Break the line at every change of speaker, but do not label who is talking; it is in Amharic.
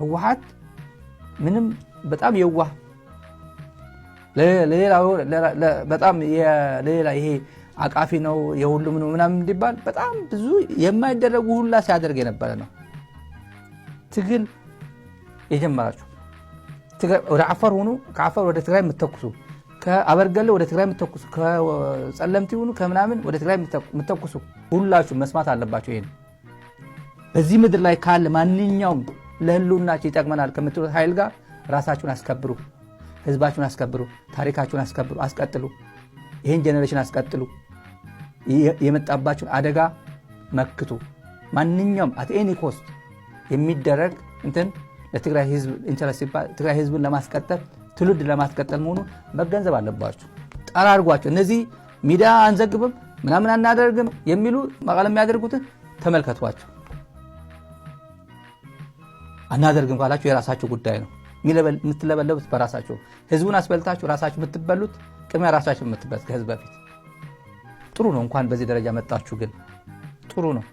ህወሓት ምንም በጣም የዋህ በጣም ሌላ ይሄ አቃፊ ነው የሁሉም ነው ምናምን እንዲባል በጣም ብዙ የማይደረጉ ሁላ ሲያደርግ የነበረ ነው። ትግል የጀመራችሁ ወደ አፋር ሆኑ፣ ከአፋር ወደ ትግራይ የምተኩሱ፣ ከአበርገለ ወደ ትግራይ የምተኩሱ፣ ከጸለምቲ ሆኑ ከምናምን ወደ ትግራይ የምተኩሱ ሁላችሁ መስማት አለባቸው። ይሄን በዚህ ምድር ላይ ካለ ማንኛውም ለህልውናችን ይጠቅመናል ከምትሉት ኃይል ጋር ራሳችሁን አስከብሩ፣ ህዝባችሁን አስከብሩ፣ ታሪካችሁን አስከብሩ፣ አስቀጥሉ፣ ይህን ጀኔሬሽን አስቀጥሉ፣ የመጣባችሁን አደጋ መክቱ። ማንኛውም አት ኮስት የሚደረግ እንትን ለትግራይ ህዝብ ኢንተረስት ሲባል ትግራይ ህዝብን ለማስቀጠል ትውልድ ለማስቀጠል መሆኑ መገንዘብ አለባችሁ። ጠራርጓቸው። እነዚህ ሚዲያ አንዘግብም ምናምን አናደርግም የሚሉ መቃል የሚያደርጉትን ተመልከቷቸው። አናደርግም ካላችሁ የራሳችሁ ጉዳይ ነው። የምትለበለቡት በራሳችሁ ህዝቡን አስበልታችሁ ራሳችሁ የምትበሉት ቅሚያ ራሳችሁ የምትበት ከህዝብ በፊት ጥሩ ነው። እንኳን በዚህ ደረጃ መጣችሁ፣ ግን ጥሩ ነው።